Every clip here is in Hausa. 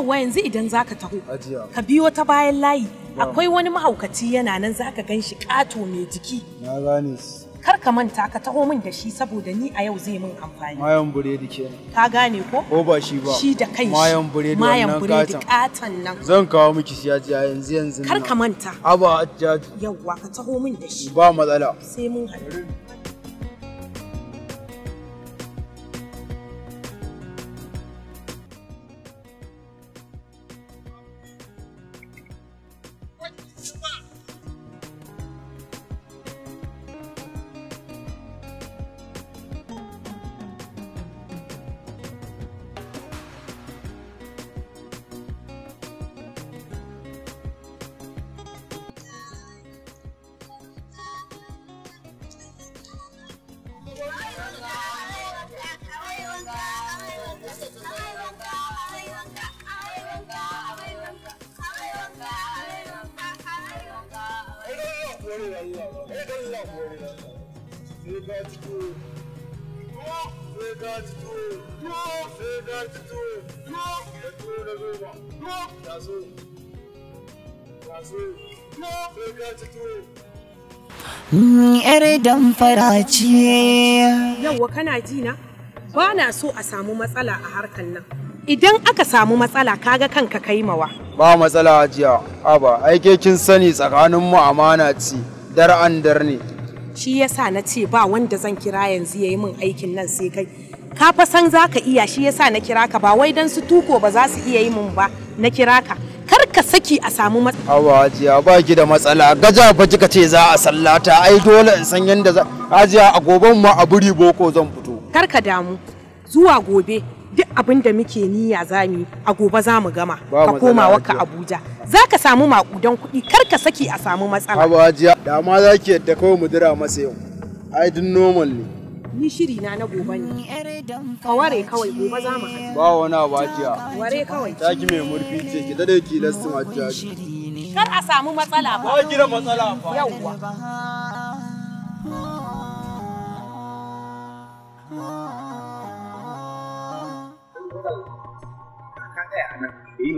wa yanzu idan zaka taho ka biyo ta bayan layi akwai wani mahaukaci yana nan zaka gan shi kato mai jiki na gane kar ka manta ka taho min da shi saboda ni a yau zai min amfani mayan buredi ke ka gane ko ko ba shi ba shi da kai mayan buredi mayan buredi katan nan zan kawo miki shi ajiya yanzu yanzu kar ka manta aba ajiya yauwa ka taho min da shi ba matsala sai mun haɗu Yar Yawwa kana ji na? Ba na so a samu matsala a harkar nan. Idan aka samu matsala kaga kanka kai mawa. Ba matsala jiya aba aike kin sani tsakanin mu amana ce. dar dar ne. shi yasa na ce ba wanda zan kira yanzu yayi min aikin nan sai kai ka fa san zaka iya shi yasa na kira ka ba wai dan su tuko ba za su iya yi min ba na kira ka kar ka saki a samu matsala awa hajiya ba ki da matsala gaja ba kika ce za a sallata ai dole in san yanda za hajiya a goben ma a buri boko zan fito kar ka damu zuwa gobe duk abinda muke niyya zamu a gobe za mu gama ka koma waka abuja za ka samu maƙudan kuɗi kar ka saki a samu matsala. Haba hajiya da ma za ki yadda kawai mu dira masa yau. Ai duk normal ne. Ni shiri na na gobe ne. Ka ware kawai gobe za mu haɗu. Ba wani abu Ware kawai. Ta ki mai murfi ce ki dade ki lastin hajiya. Kar a samu matsala ba. Ba ki da matsala ba. Yawwa. Oh yi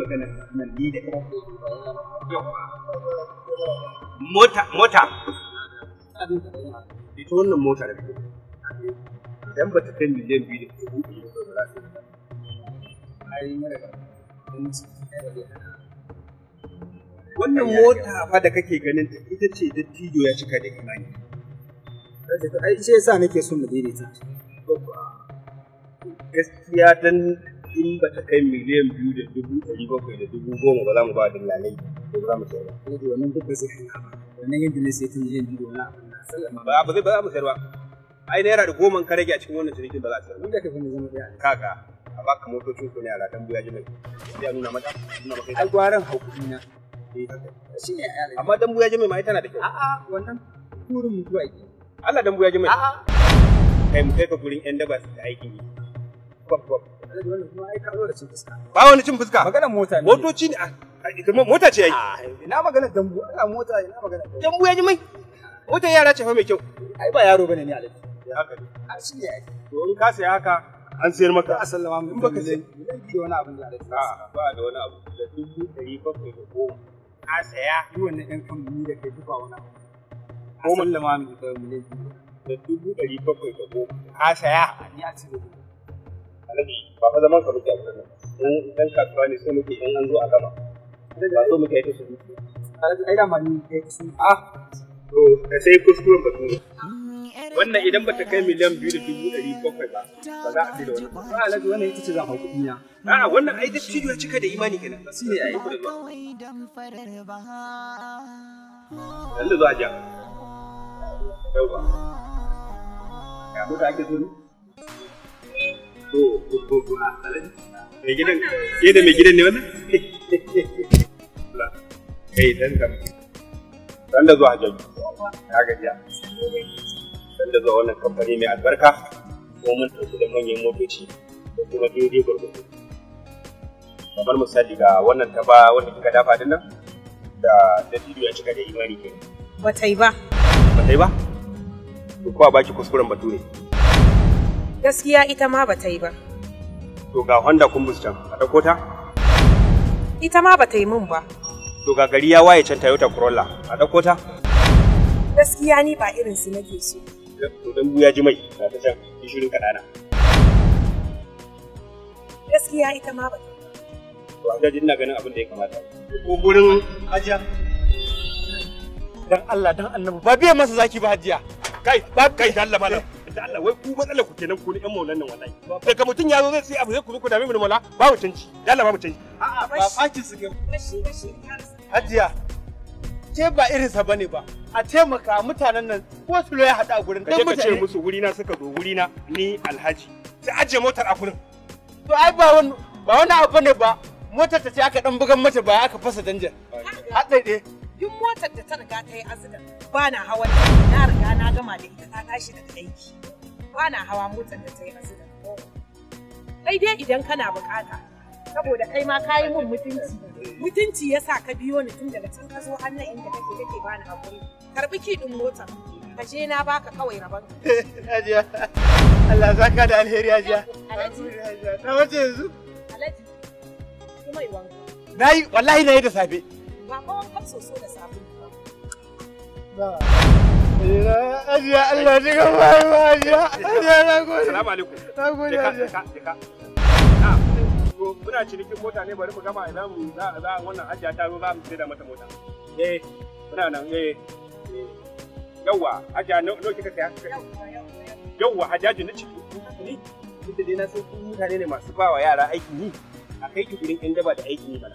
mota wannan mota ba da ai wannan mota fa da kake ganin ta ita ce dattijo ya cika da imani ai shi yasa nake so mu daidaita gaskiya dan in ba ta kai miliyan biyu da dubu ɗari bakwai da dubu goma ba za mu ba dillalai ko za mu sayar ba. Kuma wannan duk zai hana ba. Wannan yadda na sai ta miliyan biyu wani na ba. ba za mu ba. Ai naira da goma ka rage a cikin wannan cinikin ba za a sayar ba. Inda ka fi mu zama ɗaya. Kaka a baka motocin ko ne a ladan buya jimai. a nuna mata. Ai gwaran haƙuri na. Eh, Shi ne Amma dan buya jimai ma tana da kyau. A'a wannan turin a ke. Allah dan buya jimai. A'a. Kai mu kai ka gurin 'yan daba su da aikin yi. Ba wani cin fuska. Maganar mota ne. Motoci ne. Ah, mota ce yayi. Ah, ina maganar dambu, ina mota, ina maganar. Dambu ya ji mai. Motar yara ce fa mai kyau. Ai ba yaro bane ne Alhaji. Haka ah, ne. shi ne ai. To in ka saya haka an sayar maka. A sallama mu. In baka sai. wani abin da ba da wani abu. Da dubu saya. Yi A Ni a annabi ba fa zaman ka muke a gurin in dan kasuwa ne so muke in an zo a gama ba so muke ta su ai da mani kai su ah, a to ka sai kuskuren ba wannan idan ba ta kai miliyan biyu da dubu ɗari bakwai ba ba za a fi da wani ba a ah, lafi wannan ita ce zan hau kuɗi na a ah, wannan ai da cijo cika da imani kenan shi ne a yi kuɗin ba yanzu za a ja yau ba ya mutu ake tuni mai gidan ke da mai gidan ne wannan kai dan da dan da zuwa hajjaji ya gajiya dan da zuwa wannan kamfani mai albarka ko mun tafi da manyan motoci da kuma daidai gurgurdu kamar misali ga wannan taba wanda kika dafa din nan da dattijo ya cika da imani ke bata yi ba bata yi ba ko a baki kuskuren batu gaskiya ita ma bata yi ba To ga Honda Kumbus can, a ɗauko ta? Ita ma bata yi min ba. To ga gari ya waye can Toyota Corolla, a ɗauko ta? Gaskiya ni ba irin su nake so. To dan buya ji mai, ta ta can, gishirin kaɗana. Gaskiya ita ma bata yi. To an gaji ina ganin abin da ya kamata. Ko gurin ajiya? Dan Allah dan annabi ba biyan masa zaki ba hajiya. Kai, kai, dan Allah malam. da Allah wai ku matsala ku kenan ku ne ƴan maulan nan wallahi daga mutun ya zo zai sai abu zai ku zo ku dame mu da maula ba mutunci da Allah ba mutunci a'a ba fakin su ke hajiya ke ba irin sa bane ba a taimaka mutanen nan ko su ya hada a gurin dan mutane ka ce musu wuri na suka zo wuri na ni alhaji sai aje motar a gurin to ai ba wani ba wani abu ne ba motar ta ce aka dan bugan mata ba aka fasa danjar haɗe duk motar da ta riga ta yi azuda ba na hawa na riga na gama da ita ta tashi daga aiki ba na hawa motar da ta yi azuda kai dai idan kana bukata saboda kai ma ka yi min mutunci mutunci ya sa ka biyo ni tun daga can ka zo hannun inda kake kake na hakuri karbi din motar ka je na baka kawai rabon ajiya Allah zaka da alheri ajiya na wace yanzu alhaji kuma yi wanka nayi yi wallahi na yi da safe ba soso da Allah Muna cinikin mota ne bari mu gama ina mu za a wannan ajiya ta za mu sai mata mota. Eh muna nan eh. Yawwa ajiya nawa kika saya? Yawwa hajaji na ciki. Ni duk dai na san mutane ne masu ba wa yara aikin yi a kai ki gurin ɗan daba da aikin yi bana.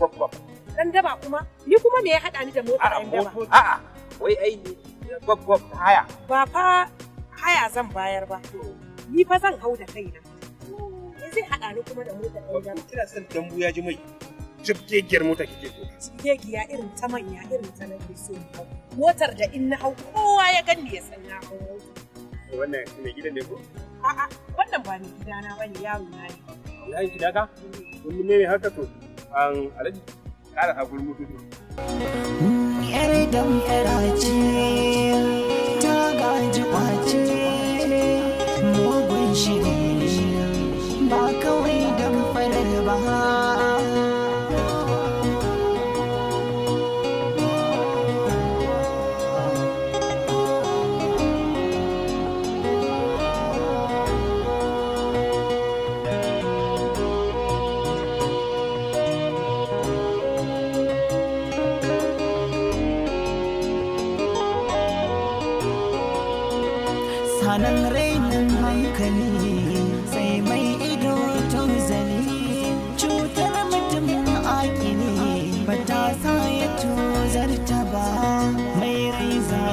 Kwakwa. dan daba kuma ni kuma me ya hada ni da mota yan daba a'a wai ai babbab haya ba fa haya zan bayar ba ni fa zan hau da kaina me zai hada ni kuma da motar yan daba kina son dambu ya ji mai jibgegiyar mota kike so jibgegiya irin ta manya irin ta nake so motar da in na hau kowa ya ganni ya san na hau wannan mai gidan ne ko a'a wannan ba mai gidana bane yaro na ne na yi gida ka kun ne haka to an alaji ƙara haƙuri mutu ne. Yar dam yara ce, ta gaji kwace, mugun shi ba kawai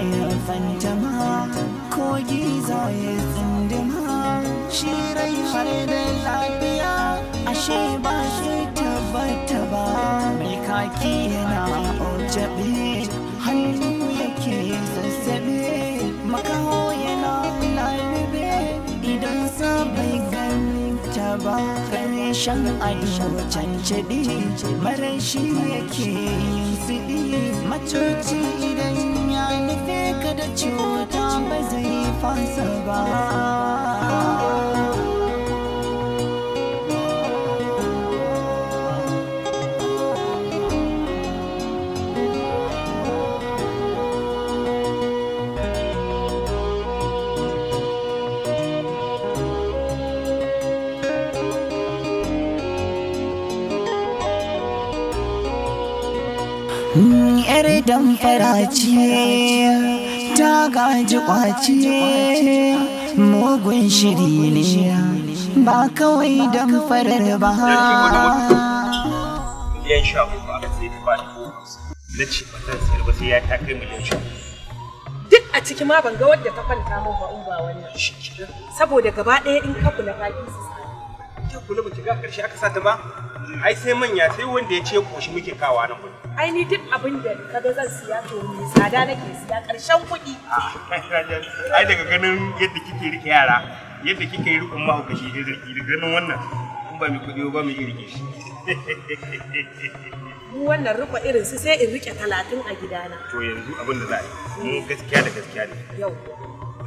ya fantama ko za ya tsindima shi rai har da lafiya ashe ba shi tabbata ba mai kaki yana ojabe hannu yake zazzabe makaho yana lalube idan sa bai ganta ba karshen aisha cancaɗi marar shi yake yin siɗi matoci idan nufe ka da cuta ba zai fasa ba dan farace ta gaji kwace mugun shiri ne ba kawai dan farar ba miliyan sha uku aka sai ta bani na ce ba zan sayar ba sai ya ta kai miliyan sha duk a ciki ma ban ga wadda ta kwanta min ba ba wannan saboda gaba ɗaya in ka kula ka sa ta kula ba ki ga karshe aka sa ta ba ai sai manya sai wanda ya ce koshi muke kawa nan gudu ai ni duk abin da kaga zan siya to mai tsada nake siya karshen kuɗi ai daga ganin yadda kike rike yara yadda kike yi rikon mahaukaci da zarki da ganin wannan kun ba mai kuɗi ba mai irge shi mu wannan rufa irin su sai in rike talatin a gidana to yanzu abin da za a yi mu gaskiya da gaskiya ne yau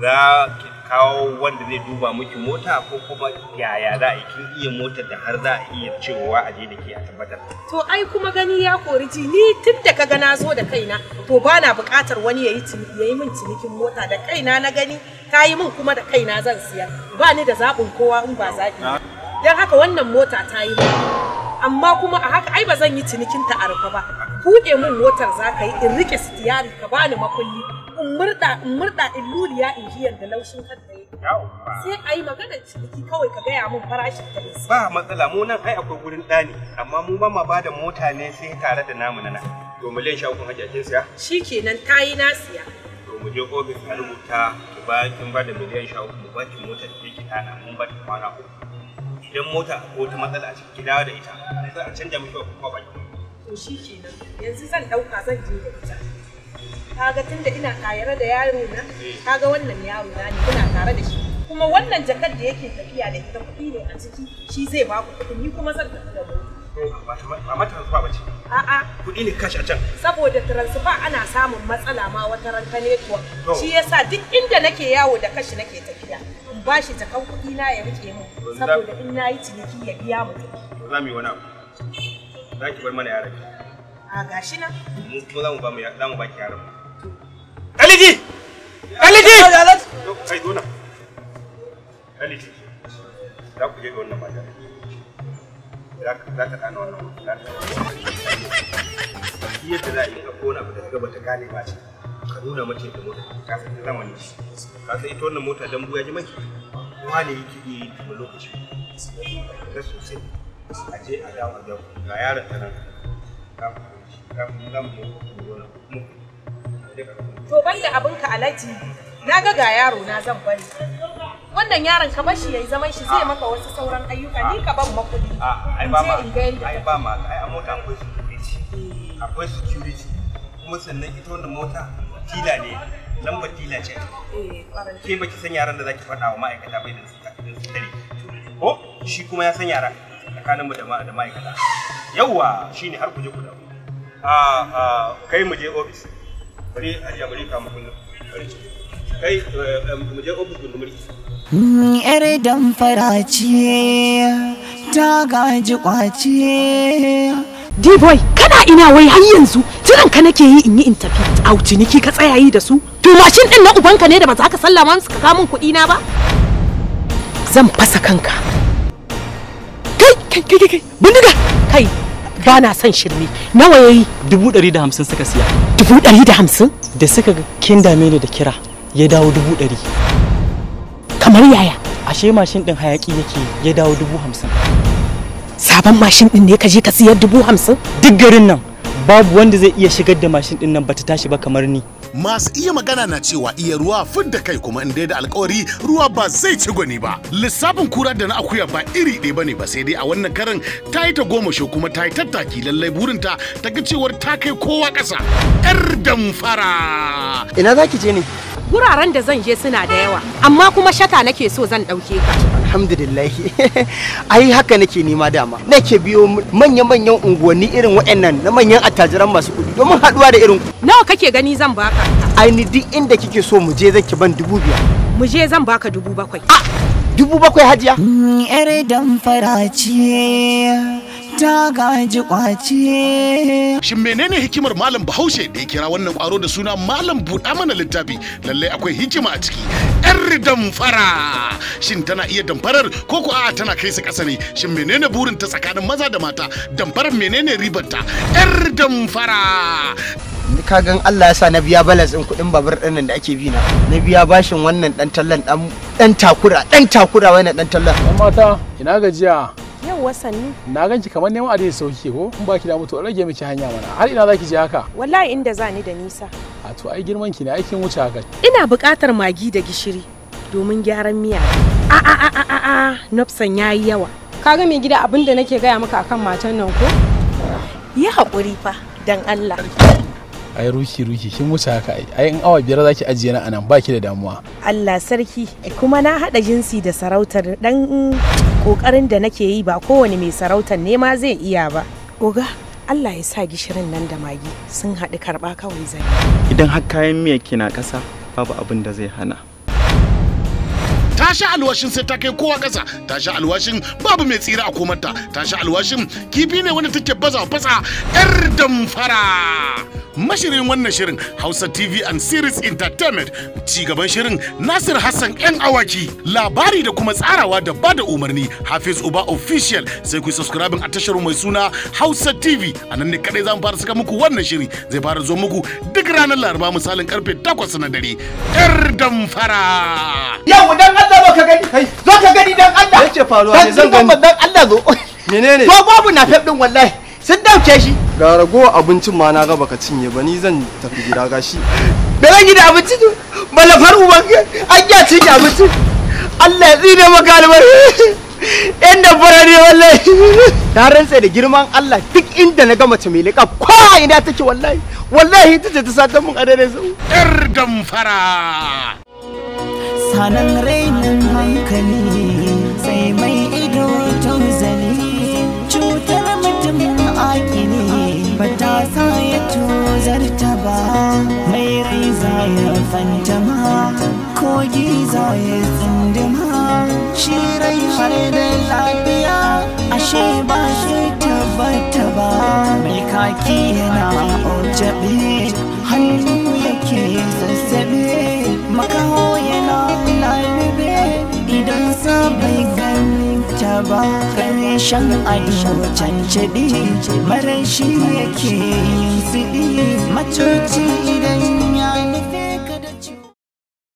za ki kawo wanda zai duba miki mota ko kuma yaya za a kin iya motar da har za a iya cewa a je da ke a tabbatar. To ai kuma gani ya kori ji ni tun da kaga na zo da kaina to ba na buƙatar wani ya yi min cinikin mota da kaina na gani ka yi min kuma da kaina zan siya ba ni da zaɓin kowa in ba zaɓi. Don haka wannan mota ta yi amma kuma a haka ai ba zan yi cinikin ta rufe ba. Buɗe min motar za ka yi in rike sitiyari ka bani makulli in murda in murda in luliya in ji yadda laushin kanta sai a yi magana ciniki kawai ka gaya mun farashin ta ba matsala mu nan ai akwai gurin ɗani amma mu ba ma ba da mota ne sai tare da namu na nan to mu sha kun haƙi akin siya shikenan ta yi na siya to mu je ofis a rubuta ki ba kin ba da miliyan sha uku mu ba ki mota da ke tana mun ba ki kwana uku idan mota ko ta matsala a cikin gida da ita sai a canja miki kwakwai to shikenan yanzu zan ɗauka zan je da ita kaga tunda ina tayar da yaro na kaga wannan yaro na ne kuna tare da shi kuma wannan jakar da yake tafiya da ita kuɗi ne a ciki shi zai ba ku kuɗi ni kuma zan tafi da mu ba mata transfer ba ce a'a kuɗi ne kashi a can saboda transfer ana samun matsala ma wata ranta network shi yasa duk inda nake yawo da kashi nake tafiya in ba shi jakan kuɗi na ya rike mu saboda in nayi ciniki ya biya mu za mu yi wani abu za ki bar mana yaran A gashi nan. Mu mu ba mu Kai Za ku je da wannan mata. Za ta ɗana wannan mata. Yadda za a yi ka kona ba ta gane ba ce. Ka nuna mace da mota ka san ta Ka san ita wannan mota dan buya ji mai. Wani yake yi kuma lokaci. sosai. A je a dawo a dawo. Ga yaron ta nan. To ban da abinka alaji na ga ga yaro na zan bari. Wannan yaron ka bashi yayi zaman shi zai maka wasu sauran ayyuka ni ka ban makudi. A ai ba ma ai ba ma ai mota akwai security. Akwai security kuma sannan ita wanda mota tila ne lambar tila ce. Eh, Ke baki san yaran da zaki faɗa wa ma'aikata bai da su Ko shi kuma ya san yaran tsakaninmu da ma'aikata. Yawwa shine har ku je ku dawo. kai mu je ofis bari a ji amurka mu kullum kai eh, mu je ofis mm, yar dan farace ta gaji kwace D-boy kana ina wai har yanzu jiran ka nake yi in yi in tafi au ciniki ka tsaya yi da su to mashin din na ubanka ne da ba za ka sallama su ka kamun kuɗi na ba zan fasa kanka kai kai kai kai bindiga kai ba na son shirme nawa yayi dubu ɗari da hamsin suka siya dubu ɗari da hamsin da suka kin dame ni da kira ya dawo dubu ɗari kamar yaya ashe mashin ɗin hayaki yake ya dawo dubu hamsin sabon mashin ɗin ne ka je ka siyar dubu hamsin duk garin nan babu wanda zai iya shigar da mashin ɗin nan bata tashi ba kamar ni masu iya magana na cewa iya ruwa da kai kuma in dai da alkawari ruwa ba zai ci gwani ba lissafin kura da na akuya ba iri ɗaya bane ba sai dai a wannan karin ta yi ta goma sho kuma ta yi tattaki lallai burinta ta ga cewar ta kai kowa ƙasa yar damfara ina za ki je ne wuraren da zan je suna da yawa, amma kuma shata nake so zan ɗauke ka. Alhamdulillah. Ai haka nake nema dama. Nake biyo manya-manyan unguwanni irin waɗannan na manyan attajiran masu kuɗi domin haɗuwa da irin Nawa kake gani zan baka? Ai ni duk inda kike so mu je zaki ban dubu biyar. Mu je zan baka dubu bakwai. Ah, dubu bakwai hajiya? Mm, yar damfara farace ta gaji kwace. Shin menene hikimar Malam Bahaushe da ya kira wannan kwaro da suna Malam buɗa mana littafi? Lallai akwai hikima a ciki. Yar damfara! Shin tana iya damfarar ko ko a'a tana kai su ƙasa ne? Shin menene burin ta tsakanin maza da mata? Damfarar menene ribarta? Yar damfara! ka gan Allah ya sa na biya balas ɗin kuɗin babur ɗin da ake bi na na biya bashin wannan ɗan tallan ɗan takura ɗan takura wannan ɗan tallan. mata ina gajiya dawowa sannu. Na ganki kamar neman adai sauki ko in baki da mutu rage miki hanya mana har ina zaki je haka. Wallahi inda zani da nisa. A to ai girman ki na aikin wuce haka. Ina buƙatar magi da gishiri domin gyaran miya. A a a a a a Nafsan yayi yawa. Ka ga mai gida abin da nake gaya maka akan matan nan ko? Yi hakuri fa dan Allah. ai ruki ruki kin wuce haka ai ai in awa biyar zaki ajiye na anan baki da damuwa Allah sarki eh, kuma na haɗa jinsi da sarautar dan kokarin da nake yi ba kowane mai sarautar nema zai iya ba oga Allah ya sa gishirin nan da magi sun haɗu karɓa kawai zai idan har kayan miya kina ƙasa babu abin da zai hana ta alwashin sai ta kai kowa kasa tashi alwashin babu mai tsira a komarta tashi alwashin kifi ne wanda take baza fasa yar damfara mashirin wannan shirin Hausa TV and Series Entertainment ci gaban shirin Nasir Hassan yan awaki labari da kuma tsarawa da bada umarni Hafiz Uba official sai ku subscribe a tashar mai suna Hausa TV a nan ne kadai zan fara saka muku wannan shiri zai fara zo muku duk ranar Laraba misalin karfe 8 na dare yar damfara yau dan Allah zo ka gani kai zo ka gani dan Allah yace faruwa ne zan gani dan Allah zo menene to babu na fef din wallahi sun dauke shi ga rago abincin ma na gaba ka cinye ba ni zan tafi gida gashi da rage da abinci balafar uban an ya cinye abinci Allah ya tsine maka albar yan da fara ne wallahi ta rantse da girman Allah duk inda na ga mace mai liƙa ko ina take wallahi wallahi ita ce ta sata mun adadin su yar damfara sanan rainin hankali ya fantama ko za ya tsindima shi rai har da lafiya ashe ba shi tabbata ba mai kaki yana ojabe hannu yake zazzabe makaho yana lalube idan sa bai ganta ba karshen aisho cancaɗi Mara shi yake yin siɗi matoci idan